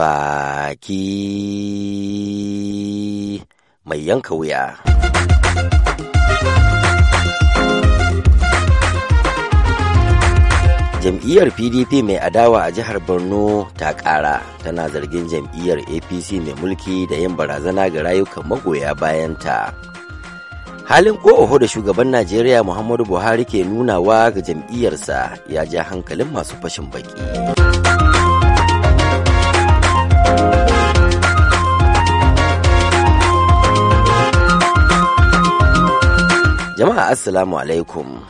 baki mai yanka wuya. Jam'iyyar PDP mai adawa a jihar Borno ta ƙara tana zargin jam'iyyar APC mai mulki da yin barazana ga rayukan magoya bayanta. Halin ko da shugaban Najeriya Muhammadu Buhari ke nunawa ga jam'iyyarsa ya ja hankalin masu fashin baki. Assalamu alaikum.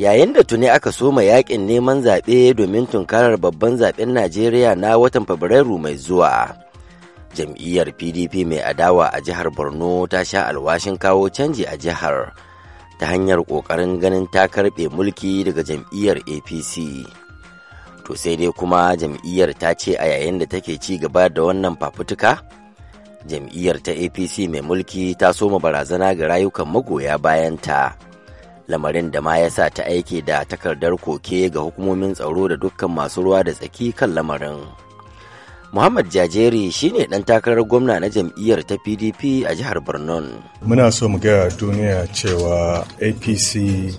Yayin da tuni aka soma yakin neman zaɓe domin tunkarar babban zaɓen Najeriya na watan Fabrairu mai zuwa. Jam'iyyar PDP mai adawa a jihar Borno ta sha alwashin kawo canji a jihar ta hanyar ƙoƙarin ganin ta karɓe mulki daga jam'iyyar APC. To sai dai kuma jam'iyyar ta ce a yayin da take ci gaba da wannan fafutuka. jam'iyyar ta apc mai mulki ta soma barazana ga rayukan magoya bayanta lamarin da ma ya sa ta aike da takardar koke ga hukumomin tsaro da dukkan masu ruwa da tsaki kan lamarin Muhammad Jajeri shine ɗan takarar gwamna na jam'iyyar ta PDP a jihar Borno. Muna so mu ga duniya cewa APC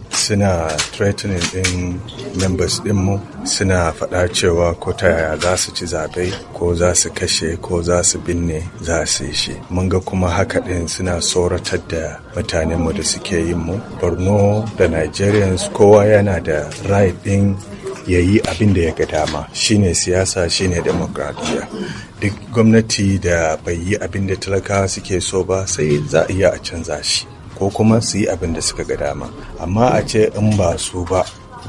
suna threatening ɗin, members ɗinmu suna faɗa cewa ko ta yaya za su ci zaɓe, ko za su kashe ko za su binne za su yi shi. Mun ga kuma haka din suna tsoratar da mutanenmu da suke yin mu. Borno da Nigerians kowa yana da right ɗin. ya yi abin da ya ga dama shine siyasa shine demokradiyya duk gwamnati da bai yi abin da talakawa suke so ba sai za a iya a canza shi ko kuma su yi abin da suka ga dama amma a ce in ba su ba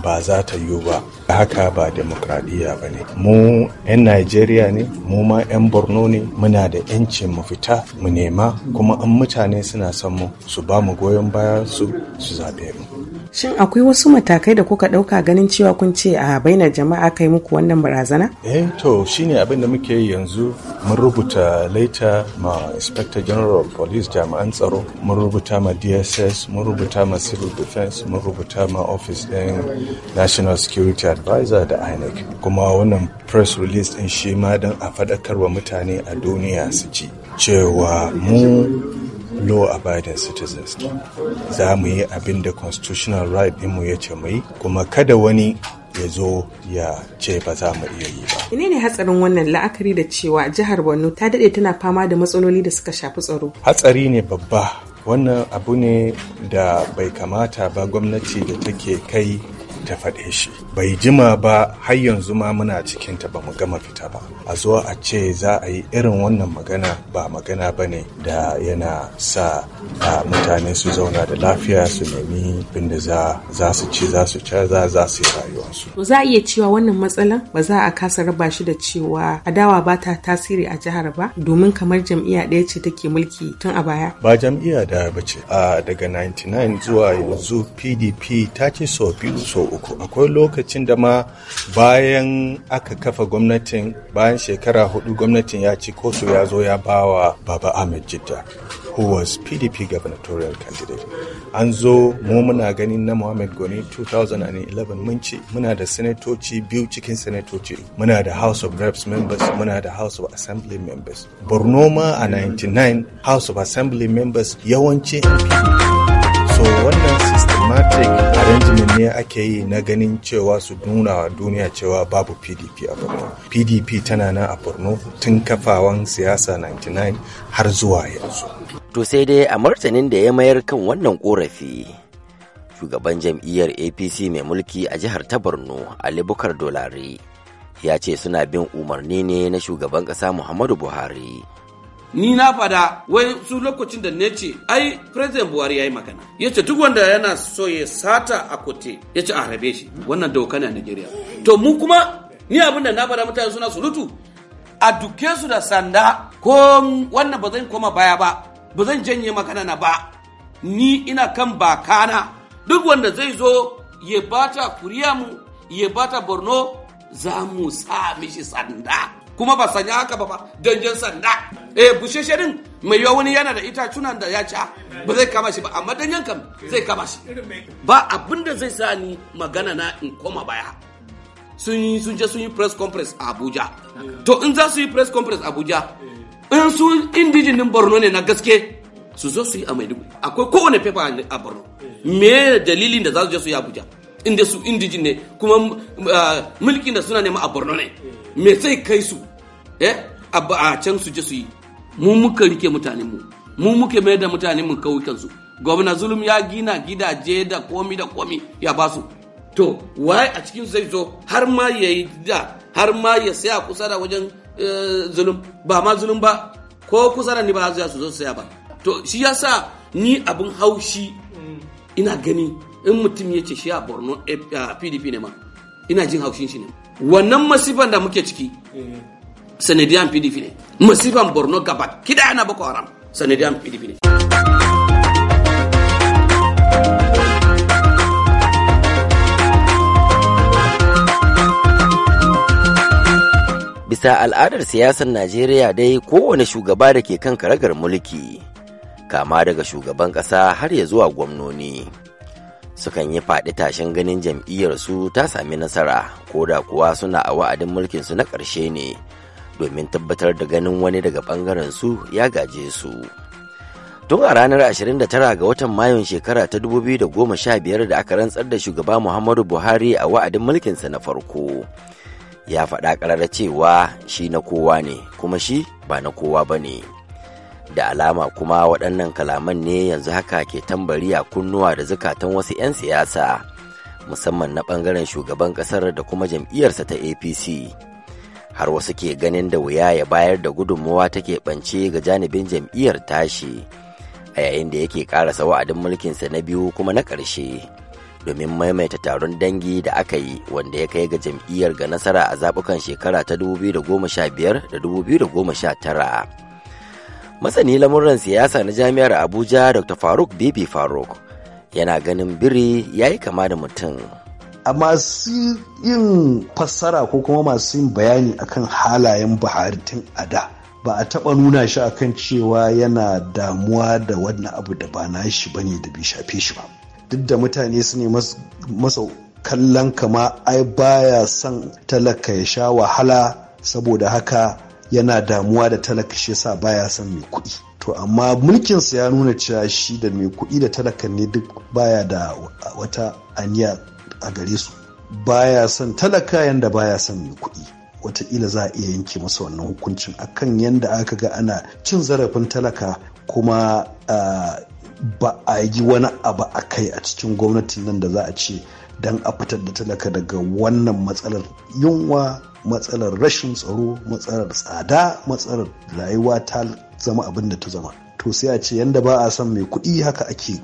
ba za ta yiwu ba haka ba demokradiyya ba ne mu 'yan najeriya ne mu ma 'yan borno ne muna da 'yancin mu fita mu nema kuma an mutane suna son mu su ba mu goyon baya su su zaɓe mu Shin akwai wasu matakai da kuka ɗauka ganin cewa kun ce a bainar jama'a kai muku wannan barazana? Eh to shine abin da muke yi yanzu mun rubuta laita ma Inspector General of Police jami'an tsaro, mun rubuta ma DSS, mun rubuta ma Civil Defense, mun rubuta ma Office ɗin National Security Advisor da INEC. Kuma wannan press release ɗin shi ma don a faɗakarwa mutane a duniya su ji cewa mu law-abiding citizens za mu yi abin da constitutional right mu ya ce mai, kuma kada wani ya zo ya ce ba za mu iya yi ba. Ine ne hatsarin wannan la'akari da cewa jihar Borno ta daɗe tana fama da matsaloli da suka shafi tsaro. Hatsari ne babba wannan abu ne da bai kamata ba gwamnati da take kai ta faɗe shi bai jima ba har yanzu ma muna cikin ta mu gama fita ba a zo a ce za a yi irin wannan magana ba magana ba ne da yana sa a mutane su zauna da lafiya su nemi binda za za su ci za su ci za su yi rayuwarsu. za a iya cewa wannan matsalan ba za a kasa raba shi da cewa adawa ba ta tasiri a jihar ba domin kamar jam'iyya ɗaya ce take mulki tun a baya. ba jam'iyya da ba ce a daga 99 zuwa yanzu pdp ta ce sau biyu sau uku akwai lokacin da ma bayan aka kafa gwamnatin bayan shekara hudu gwamnatin ya ci koso ya zo ya bawa baba ahmed jitta who was pdp gubernatorial candidate an zo mu muna ganin na Muhammad Goni 2011 mun ci muna da senatoci biyu cikin senatoci muna da House of Reps members muna da House of Assembly members Borno ma a 99 House of Assembly members yawanci so wannan systematic Benjamin ne ake yi na ganin cewa su nuna wa duniya cewa babu pdp a borno pdp tana nan a borno tun kafawan siyasa 99 har zuwa yanzu to sai dai a martanin da ya mayar kan wannan korafi shugaban jam'iyyar apc mai mulki a jihar ta borno ali bukar dolari ya ce suna bin umarni ne na shugaban ƙasa muhammadu buhari ni na fada wai su lokacin da nace ai president buhari yayi magana yace duk wanda yana so ya sata a kote yace a rabe shi wannan doka ne a Najeriya to mu kuma ni abin da na fada mutane suna surutu a duke su da sanda ko wannan ba zan koma baya ba ba zan janye magana na ba ni ina kan bakana duk wanda zai zo ya bata kuriya mu ya bata borno za mu sa mishi sanda kuma ba sanya haka ba ba danjen sanda eh busheshe din mai yiwa wani yana da ita tunan da ya ca ah, ba zai kama shi ba amma dan yankan zai kama shi ba abin da zai sa ni magana na in koma baya sun yi sun je sun yi press conference a Abuja to in za su yi press conference a Abuja in su indigenous din Borno ne na gaske su zo su yi a Maiduguri akwai kowane paper a Borno me dalilin da za su je su yi Abuja inda su indigenous ne kuma ah, mulkin da suna nema a Borno ne me sai kai su eh a can su je su yi mu muka rike mutanenmu mu muke mai da mutanenmu su gwamna zulum ya gina gidaje da komi da komi ya ba su. to waye a cikin zai zo har ma ya yi da har ma ya saya kusa da wajen eh, zulum ba ma zulum ba ko kusa da ni ba za su zo saya ba to shi yasa ni abin haushi ina gani in mutum ya ce shi a borno pdp eh, ne ma ina jin haushin shi ne wannan masifan da muke ciki eh. sanadiyan pdp ne masifan borno gaba kida na boko haram sanadiyan pdp ne bisa al'adar siyasar najeriya dai kowane shugaba da ke kan karagar mulki kama daga shugaban ƙasa har ya zuwa gwamnoni sukan yi faɗi tashin ganin jam'iyyarsu ta sami nasara ko da kuwa suna a wa'adin mulkinsu na ƙarshe ne domin tabbatar da ganin wani daga bangaren su ya gaje su. Tun a ranar 29 ga watan Mayun shekara ta 2015 da aka rantsar da shugaba Muhammadu Buhari a wa'adin mulkinsa na farko. Ya faɗa karara cewa shi na kowa ne, kuma shi ba na kowa ba ne. Da alama kuma waɗannan kalaman ne yanzu haka ke tambari a kunnuwa da zukatan wasu 'yan siyasa, musamman na ɓangaren shugaban ƙasar da kuma jam'iyyarsa ta APC. har wasu ke ganin da wuya ya bayar da gudunmuwa ta keɓance ga janibin jam'iyyar tashi a yayin da yake ƙarasa wa'adin mulkinsa na biyu kuma na ƙarshe domin maimaita taron dangi da aka yi wanda ya kai ga jam'iyyar ga nasara a zabukan shekara ta 2015 da 2019 masani lamuran siyasa na jami'ar abuja dr faruk bibi faruk yana ganin biri ya yi kama da mutum a masu yin fassara ko kuma masu yin bayani akan halayen buhari tun a da ba a taɓa nuna shi akan cewa yana damuwa da wannan abu da ba na shi bane da bai shafe shi ba duk da mutane su ne masa kallon kama ai baya son talaka ya sha wahala saboda haka yana damuwa da talaka shi sa baya son mai kuɗi to amma mulkinsa ya nuna cewa shi da mai kuɗi da talakan ne duk baya da wata aniya a gare su baya son talaka yanda baya son mai kuɗi wataƙila za a iya yanke masa wannan hukuncin akan yanda aka ga ana cin zarafin talaka kuma ba a yi wani abu a kai a cikin gwamnatin nan da za a ce don a fitar da talaka daga wannan matsalar yunwa matsalar rashin tsaro matsalar tsada matsalar rayuwa ta zama abin da ta zama to sai a ce yanda ba a son mai kuɗi haka ake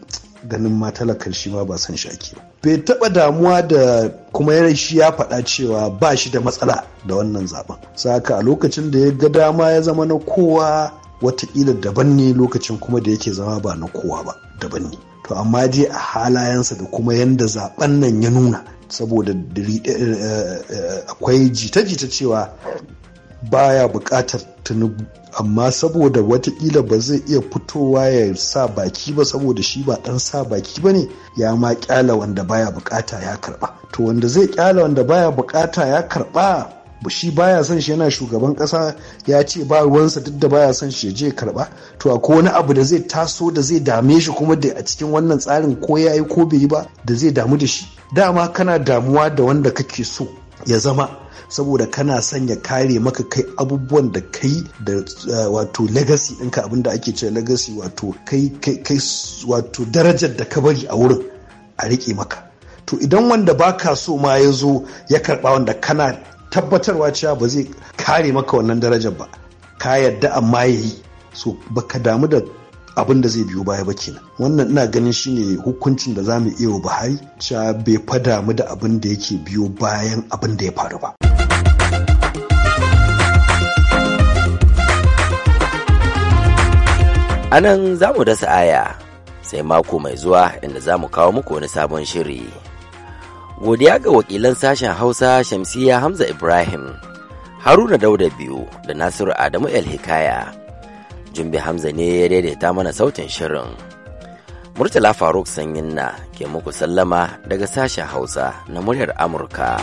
ganin ma talakar shi ma ba san shi ake bai taɓa damuwa da kuma yana shi ya faɗa cewa ba shi da matsala da wannan zaben saka a lokacin da ya ga dama ya zama na kowa watakila daban ne lokacin kuma da yake zama ba na kowa ba daban ne to amma dai a halayensa da kuma yanda zaɓen nan ya nuna saboda eh, eh, eh, akwai jita-jita cewa baya bukatar tunubu. amma saboda watakila ba zai iya fitowa ya sa baki ba saboda shi ba dan sa baki ba ne ya ma kyala wanda baya bukata ya karba to wanda zai kyala wanda baya bukata ya karba shi baya son shi yana shugaban kasa ya ce ba ruwansa duk da baya son shi ya je karba to akwai wani abu da zai taso da zai dame shi kuma da a cikin wannan tsarin ko yayi ko bai yi ba da zai damu da shi dama kana damuwa da wanda kake so ya zama saboda kana sanya kare maka kai abubuwan da kai da eh, wato legacy ɗinka abinda ake ce legacy wato kai kai wato darajar da ka bari a wurin a riƙe maka to idan wanda baka so ma ya zo ya karɓa wanda kana tabbatarwa cewa ba zai kare maka wannan darajar ba ka yadda amma ya yi so baka damu da abin da zai biyo baya ba kenan wannan ina ganin shine hukuncin da zamu iya wa buhari cewa bai fada mu da abin da yake biyo bayan abin da ya faru ba a nan za mu dasa aya sai mako mai zuwa inda za mu kawo muku wani sabon shiri godiya ga wakilan sashen hausa shamsiya hamza ibrahim haruna dauda biyu da nasiru adamu el hikaya Jumbe Hamza ne ya daidaita mana sautin shirin. Murtala Faruk Sanyin na ke muku sallama daga sashen Hausa na muryar Amurka.